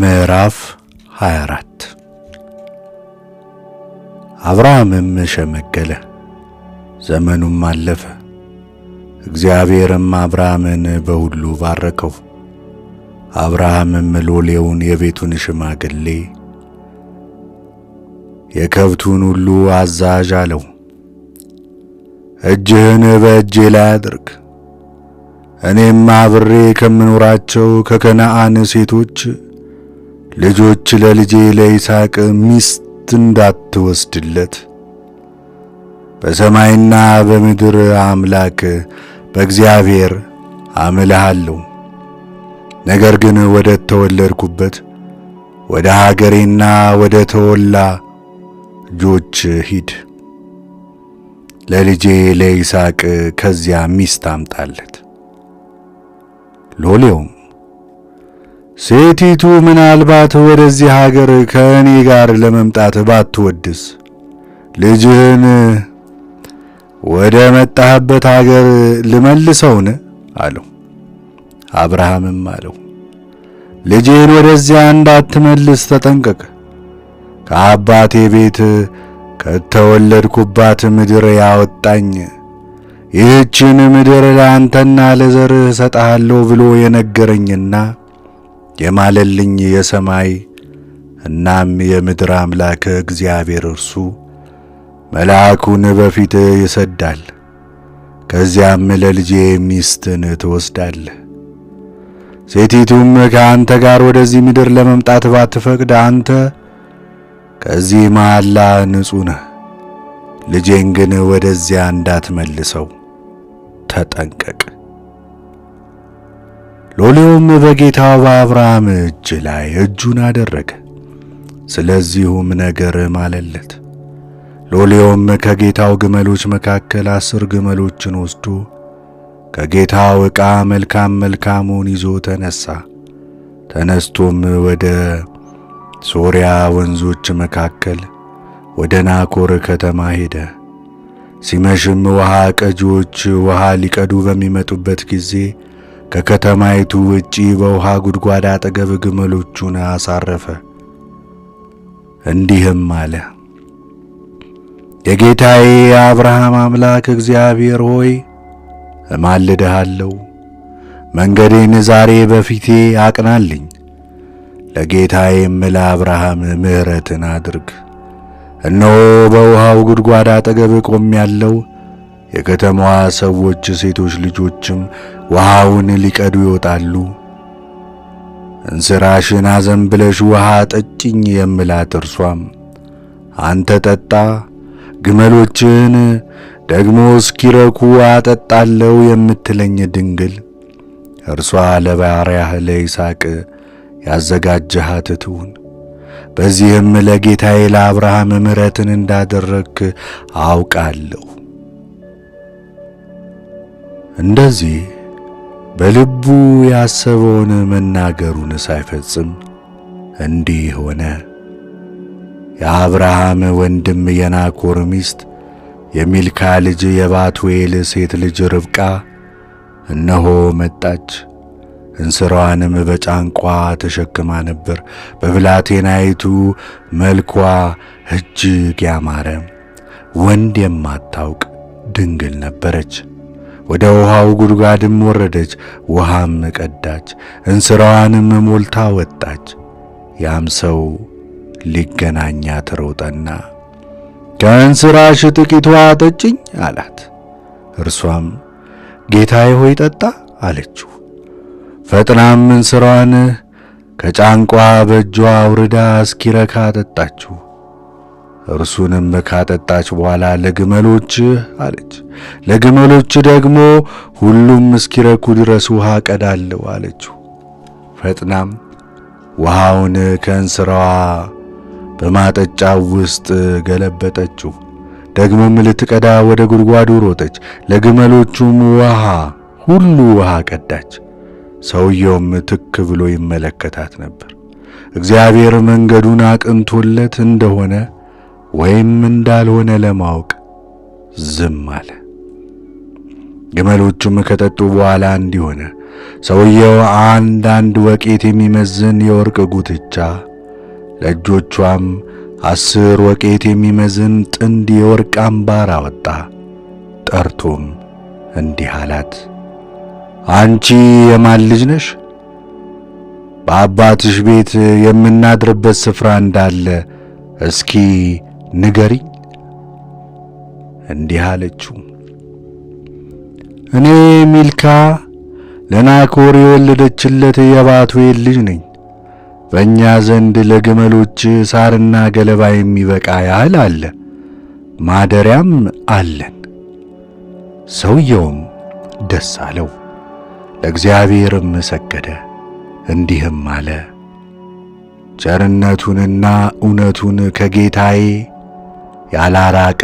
ምዕራፍ 24 አብርሃምም ሸመገለ፣ ዘመኑም አለፈ። እግዚአብሔርም አብርሃምን በሁሉ ባረከው። አብርሃምም ሎሌውን፣ የቤቱን ሽማግሌ፣ የከብቱን ሁሉ አዛዥ አለው፣ እጅህን በእጄ ላይ አድርግ እኔም አብሬ ከምኖራቸው ከከነዓን ሴቶች ልጆች ለልጄ ለይስሐቅ ሚስት እንዳትወስድለት በሰማይና በምድር አምላክ በእግዚአብሔር አምልሃለሁ። ነገር ግን ወደ ተወለድኩበት ወደ ሀገሬና ወደ ተወላ ልጆች ሂድ፣ ለልጄ ለይስሐቅ ከዚያ ሚስት አምጣለት። ሎሌውም ሴቲቱ ምናልባት ወደዚህ ሀገር ከእኔ ጋር ለመምጣት ባትወድስ ልጅህን ወደ መጣህበት ሀገር ልመልሰውን? አለው። አብርሃምም አለው ልጅህን ወደዚያ እንዳትመልስ ተጠንቀቅ። ከአባቴ ቤት ከተወለድኩባት ምድር ያወጣኝ ይህችን ምድር ለአንተና ለዘርህ እሰጥሃለሁ ብሎ የነገረኝና የማለልኝ የሰማይ እናም የምድር አምላክ እግዚአብሔር እርሱ መልአኩን በፊት ይሰዳል። ከዚያም ለልጄ ሚስትን ትወስዳለህ። ሴቲቱም ከአንተ ጋር ወደዚህ ምድር ለመምጣት ባትፈቅድ አንተ ከዚህ መሐላ ንጹሕ ነህ። ልጄን ግን ወደዚያ እንዳትመልሰው ተጠንቀቅ። ሎሌውም በጌታው በአብርሃም እጅ ላይ እጁን አደረገ፣ ስለዚሁም ነገር ማለለት። ሎሌውም ከጌታው ግመሎች መካከል አስር ግመሎችን ወስዶ ከጌታው ዕቃ መልካም መልካሙን ይዞ ተነሳ። ተነስቶም ወደ ሶርያ ወንዞች መካከል ወደ ናኮር ከተማ ሄደ። ሲመሽም ውሃ ቀጂዎች ውሃ ሊቀዱ በሚመጡበት ጊዜ ከከተማይቱ ውጪ በውሃ ጉድጓድ አጠገብ ግመሎቹን አሳረፈ። እንዲህም አለ፣ የጌታዬ የአብርሃም አምላክ እግዚአብሔር ሆይ እማልድሃለሁ፣ መንገዴን ዛሬ በፊቴ አቅናልኝ። ለጌታዬም ለአብርሃም ምሕረትን አድርግ። እነሆ በውሃው ጉድጓድ አጠገብ ያለው የከተማዋ ሰዎች ሴቶች ልጆችም ውሃውን ሊቀዱ ይወጣሉ። እንስራሽን አዘንብለሽ ውሃ ጠጭኝ የምላት እርሷም አንተ ጠጣ ግመሎችን ደግሞ እስኪረኩ አጠጣለው የምትለኝ ድንግል እርሷ ለባሪያህ ለይስሐቅ ያዘጋጀሃት ትሁን። በዚህም ለጌታዬ ለአብርሃም ምሕረትን እንዳደረግክ አውቃለሁ። እንደዚህ በልቡ ያሰበውን መናገሩን ሳይፈጽም እንዲህ ሆነ። የአብርሃም ወንድም የናኮር ሚስት የሚልካ ልጅ የባቱኤል ሴት ልጅ ርብቃ እነሆ መጣች። እንስራዋንም በጫንቋ ተሸክማ ነበር። በብላቴናይቱ መልኳ እጅግ ያማረ ወንድ የማታውቅ ድንግል ነበረች። ወደ ውሃው ጉድጓድም ወረደች፣ ውሃም ቀዳች፣ እንስራዋንም ሞልታ ወጣች። ያም ሰው ሊገናኛት ሮጠና ከእንስራሽ ጥቂቷ ጠጭኝ አላት። እርሷም ጌታዬ ሆይ ጠጣ አለችው። ፈጥናም እንስራዋን ከጫንቋ በእጇ አውርዳ እስኪረካ ጠጣችው። እርሱንም ካጠጣች በኋላ ለግመሎች አለች። ለግመሎች ደግሞ ሁሉም እስኪረኩ ድረስ ውሃ ቀዳለው አለችው። ፈጥናም ውሃውን ከእንስራዋ በማጠጫው ውስጥ ገለበጠችው። ደግሞም ልትቀዳ ወደ ጉድጓዱ ሮጠች። ለግመሎቹም ውሃ ሁሉ ውሃ ቀዳች። ሰውየውም ትክ ብሎ ይመለከታት ነበር። እግዚአብሔር መንገዱን አቅንቶለት እንደሆነ ወይም እንዳልሆነ ለማወቅ ዝም አለ። ግመሎቹም ከጠጡ በኋላ እንዲሆነ ሰውየው አንድ አንድ ወቄት የሚመዝን የወርቅ ጉትቻ ለእጆቿም አስር ወቄት የሚመዝን ጥንድ የወርቅ አምባር አወጣ። ጠርቶም እንዲህ አላት፣ አንቺ የማን ልጅ ነሽ? በአባትሽ ቤት የምናድርበት ስፍራ እንዳለ እስኪ ንገሪኝ እንዲህ አለችው፣ እኔ ሚልካ ለናኮር የወለደችለት የባቱኤል ልጅ ነኝ። በእኛ ዘንድ ለግመሎች ሳርና ገለባ የሚበቃ ያህል አለ፣ ማደሪያም አለን። ሰውየውም ደስ አለው፣ ለእግዚአብሔርም ሰገደ፣ እንዲህም አለ ቸርነቱንና እውነቱን ከጌታዬ ያላራቀ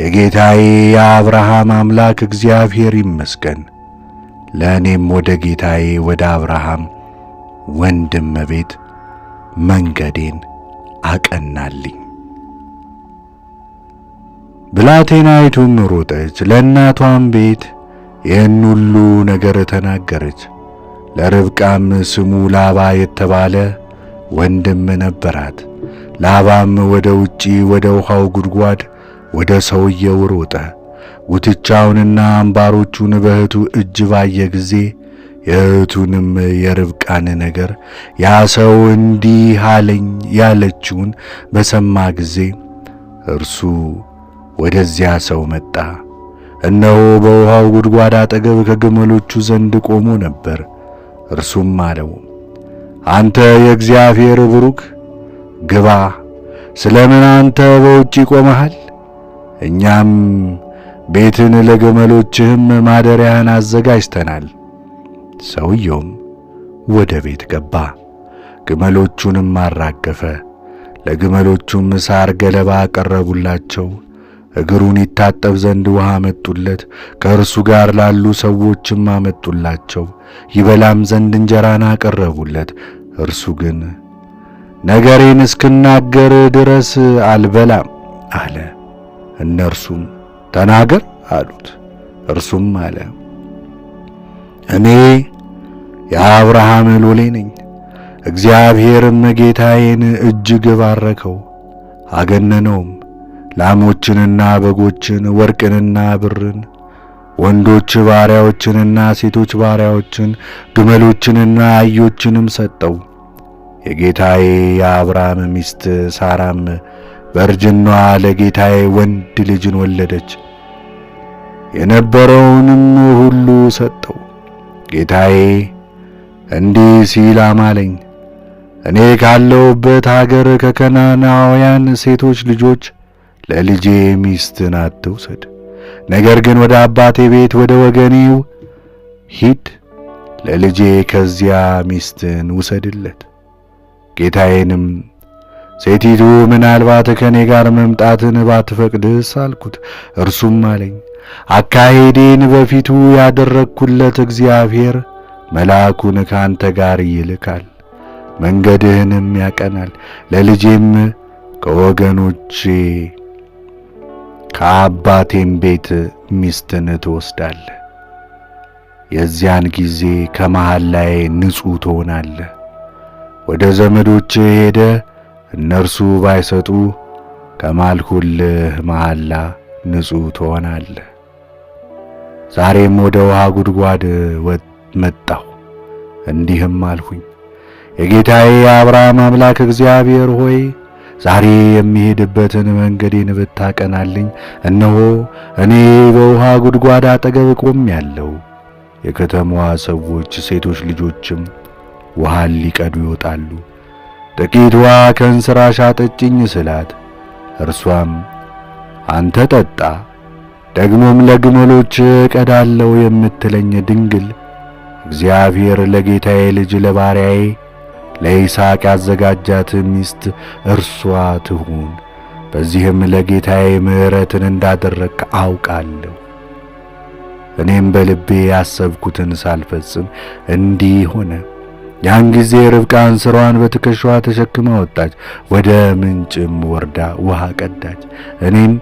የጌታዬ የአብርሃም አምላክ እግዚአብሔር ይመስገን። ለእኔም ወደ ጌታዬ ወደ አብርሃም ወንድም ቤት መንገዴን አቀናልኝ። ብላቴናይቱም ሮጠች፣ ለእናቷም ቤት ይህን ሁሉ ነገር ተናገረች። ለርብቃም ስሙ ላባ የተባለ ወንድም ነበራት። ላባም ወደ ውጪ ወደ ውሃው ጉድጓድ ወደ ሰውየው ሮጠ። ጉትቻውንና አምባሮቹን በእህቱ እጅ ባየ ጊዜ የእህቱንም የርብቃን ነገር ያ ሰው እንዲህ አለኝ ያለችውን በሰማ ጊዜ እርሱ ወደዚያ ሰው መጣ። እነሆ በውሃው ጉድጓድ አጠገብ ከግመሎቹ ዘንድ ቆሞ ነበር። እርሱም አለው አንተ የእግዚአብሔር ብሩክ ግባ፣ ስለምን አንተ በውጭ ቆመሃል? እኛም ቤትን ለገመሎችህም ማደሪያን አዘጋጅተናል። ሰውየውም ወደ ቤት ገባ፣ ግመሎቹንም አራገፈ። ለግመሎቹም ሳር ገለባ አቀረቡላቸው። እግሩን ይታጠብ ዘንድ ውሃ አመጡለት። ከእርሱ ጋር ላሉ ሰዎችም አመጡላቸው። ይበላም ዘንድ እንጀራን አቀረቡለት። እርሱ ግን ነገሬን እስክናገር ድረስ አልበላም አለ። እነርሱም ተናገር አሉት። እርሱም አለ እኔ የአብርሃም ሎሌ ነኝ። እግዚአብሔርም ጌታዬን እጅግ ባረከው፣ አገነነውም። ላሞችንና በጎችን፣ ወርቅንና ብርን፣ ወንዶች ባሪያዎችንና ሴቶች ባሪያዎችን፣ ግመሎችንና አህዮችንም ሰጠው። የጌታዬ የአብርሃም ሚስት ሳራም በእርጅኗ ለጌታዬ ወንድ ልጅን ወለደች። የነበረውንም ሁሉ ሰጠው። ጌታዬ እንዲህ ሲል አማለኝ፣ እኔ ካለሁበት አገር ከከናናውያን ሴቶች ልጆች ለልጄ ሚስትን አትውሰድ። ነገር ግን ወደ አባቴ ቤት ወደ ወገኔው ሂድ፣ ለልጄ ከዚያ ሚስትን ውሰድለት። ጌታዬንም ሴቲቱ ምናልባት ከእኔ ጋር መምጣትን ባትፈቅድስ አልኩት። እርሱም አለኝ አካሄዴን በፊቱ ያደረግኩለት እግዚአብሔር መልአኩን ከአንተ ጋር ይልካል፣ መንገድህንም ያቀናል። ለልጄም ከወገኖቼ ከአባቴም ቤት ሚስትን ትወስዳለህ። የዚያን ጊዜ ከመሃል ላይ ንጹሕ ትሆናለህ ወደ ዘመዶች ሄደ እነርሱ ባይሰጡ ከማልኩልህ መሐላ ንጹሕ ትሆናለህ። ዛሬም ወደ ውሃ ጉድጓድ መጣሁ፣ እንዲህም አልሁኝ የጌታዬ የአብርሃም አምላክ እግዚአብሔር ሆይ ዛሬ የሚሄድበትን መንገዴን ብታቀናልኝ፣ እነሆ እኔ በውሃ ጉድጓድ አጠገብ ቆሜአለሁ። የከተማዋ ሰዎች ሴቶች ልጆችም ውሃን ሊቀዱ ይወጣሉ። ጥቂት ውሃ ከእንስራሽ አጠጭኝ ስላት፣ እርሷም አንተ ጠጣ ደግሞም ለግመሎች ቀዳለው የምትለኝ ድንግል እግዚአብሔር ለጌታዬ ልጅ ለባሪያዬ ለይስሐቅ ያዘጋጃት ሚስት እርሷ ትሁን። በዚህም ለጌታዬ ምሕረትን እንዳደረግ አውቃለሁ። እኔም በልቤ ያሰብኩትን ሳልፈጽም እንዲህ ሆነ። ያን ጊዜ ርብቃ እንስራዋን በትከሻዋ ተሸክማ ወጣች፣ ወደ ምንጭም ወርዳ ውሃ ቀዳች። እኔም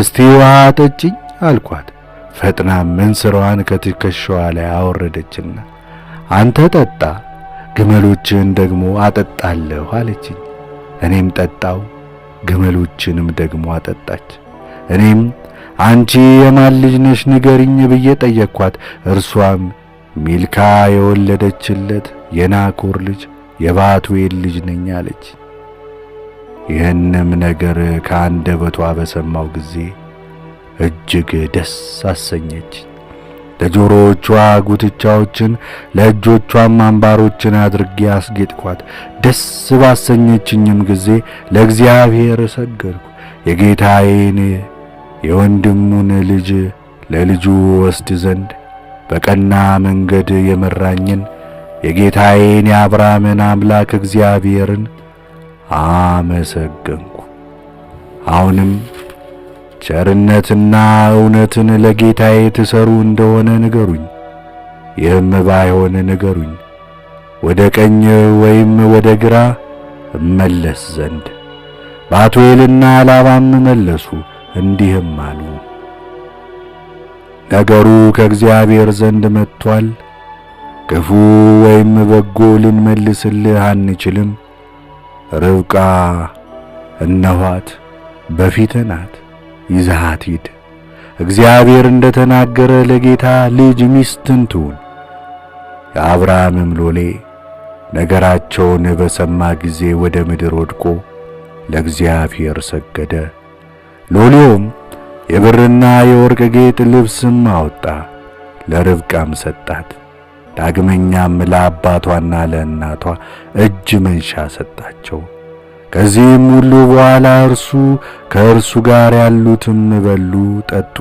እስቲ ውሃ ጠጭኝ አልኳት። ፈጥናም እንስራዋን ከትከሻዋ ላይ አወረደችና አንተ ጠጣ፣ ግመሎችን ደግሞ አጠጣለሁ አለችኝ። እኔም ጠጣው፣ ግመሎችንም ደግሞ አጠጣች። እኔም አንቺ የማን ልጅ ነሽ ንገሪኝ ብዬ ጠየቅኳት። እርሷም ሚልካ የወለደችለት የናኮር ልጅ የባቱኤል ልጅ ነኝ አለች። ይህንም ነገር ከአንደበቷ በሰማው ጊዜ እጅግ ደስ አሰኘች። ለጆሮዎቿ ጉትቻዎችን ለእጆቿም አምባሮችን አድርጌ አስጌጥኳት። ደስ ባሰኘችኝም ጊዜ ለእግዚአብሔር ሰገድኩ። የጌታዬን የወንድሙን ልጅ ለልጁ ወስድ ዘንድ በቀና መንገድ የመራኝን የጌታዬን የአብርሃምን አምላክ እግዚአብሔርን አመሰገንኩ። አሁንም ቸርነትና እውነትን ለጌታዬ ትሰሩ እንደሆነ ንገሩኝ። ይህም ባይሆን ንገሩኝ፣ ወደ ቀኝ ወይም ወደ ግራ እመለስ ዘንድ። ባቱኤልና ላባም መለሱ እንዲህም አሉ፦ ነገሩ ከእግዚአብሔር ዘንድ መጥቷል። ክፉ ወይም በጎ ልንመልስልህ አንችልም። ርብቃ እነኋት በፊት ናት፣ ይዘሃት ሂድ። እግዚአብሔር እንደ ተናገረ ለጌታ ልጅ ሚስትን ትሁን። የአብርሃምም ሎሌ ነገራቸውን በሰማ ጊዜ ወደ ምድር ወድቆ ለእግዚአብሔር ሰገደ። ሎሌውም የብርና የወርቅ ጌጥ ልብስም አወጣ፣ ለርብቃም ሰጣት። ዳግመኛም ለአባቷና ለእናቷ እጅ መንሻ ሰጣቸው። ከዚህም ሁሉ በኋላ እርሱ ከእርሱ ጋር ያሉትም በሉ፣ ጠጡ፣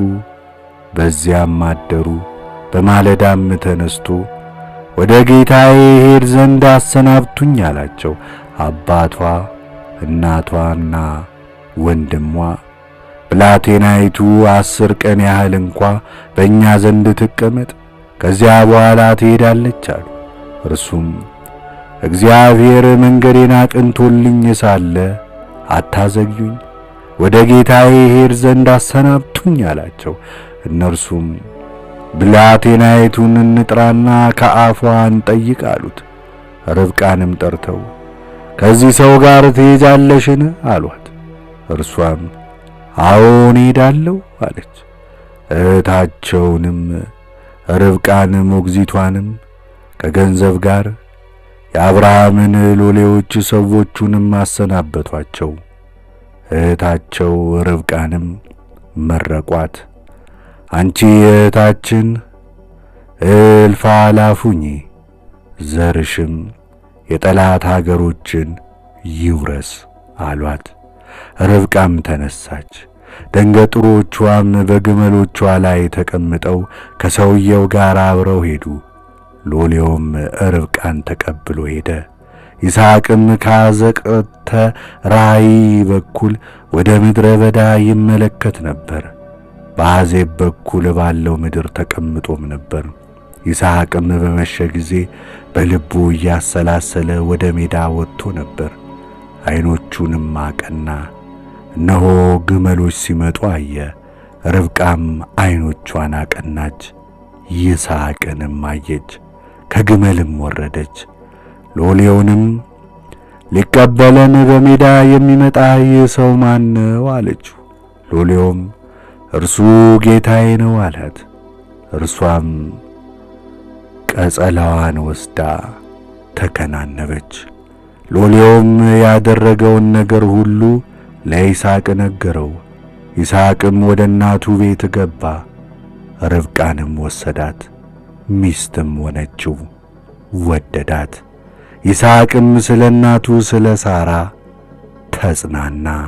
በዚያም አደሩ። በማለዳም ተነስቶ ወደ ጌታዬ ሄድ ዘንድ አሰናብቱኝ አላቸው። አባቷ እናቷና ወንድሟ ብላቴናይቱ አስር ቀን ያህል እንኳ በእኛ ዘንድ ትቀመጥ፣ ከዚያ በኋላ ትሄዳለች አሉ። እርሱም እግዚአብሔር መንገዴን አቅንቶልኝ ሳለ አታዘግዩኝ፣ ወደ ጌታዬ ሄድ ዘንድ አሰናብቱኝ አላቸው። እነርሱም ብላቴናይቱን እንጥራና ከአፏ እንጠይቅ አሉት። ርብቃንም ጠርተው ከዚህ ሰው ጋር ትሄጃለሽን አሏት። እርሷም አዎን እሄዳለሁ አለች። እህታቸውንም ርብቃን ሞግዚቷንም ከገንዘብ ጋር የአብርሃምን ሎሌዎች ሰዎቹንም አሰናበቷቸው። እህታቸው ርብቃንም መረቋት። አንቺ እህታችን እልፍ አላፉኝ፣ ዘርሽም የጠላት አገሮችን ይውረስ አሏት። ርብቃም ተነሳች። ደንገጥሮቿም በግመሎቿ ላይ ተቀምጠው ከሰውየው ጋር አብረው ሄዱ። ሎሌውም ርብቃን ተቀብሎ ሄደ። ይስሐቅም ካዘቀተ ራእይ በኩል ወደ ምድረ በዳ ይመለከት ነበር። በአዜብ በኩል ባለው ምድር ተቀምጦም ነበር። ይስሐቅም በመሸ ጊዜ በልቡ እያሰላሰለ ወደ ሜዳ ወጥቶ ነበር። ዐይኖቹንም አቀና። እነሆ ግመሎች ሲመጡ አየ። ርብቃም ዐይኖቿን አቀናች፣ ይስሐቅንም አየች። ከግመልም ወረደች፣ ሎሌውንም ሊቀበለን በሜዳ የሚመጣ ይህ ሰው ማን ነው? አለችው። ሎሌውም እርሱ ጌታዬ ነው አላት። እርሷም ቀጸላዋን ወስዳ ተከናነበች። ሎሌውም ያደረገውን ነገር ሁሉ ለይስሐቅ ነገረው። ይስሐቅም ወደ እናቱ ቤት ገባ፣ ርብቃንም ወሰዳት፣ ሚስትም ሆነችው፣ ወደዳት። ይስሐቅም ስለ እናቱ ስለ ሳራ ተጽናና።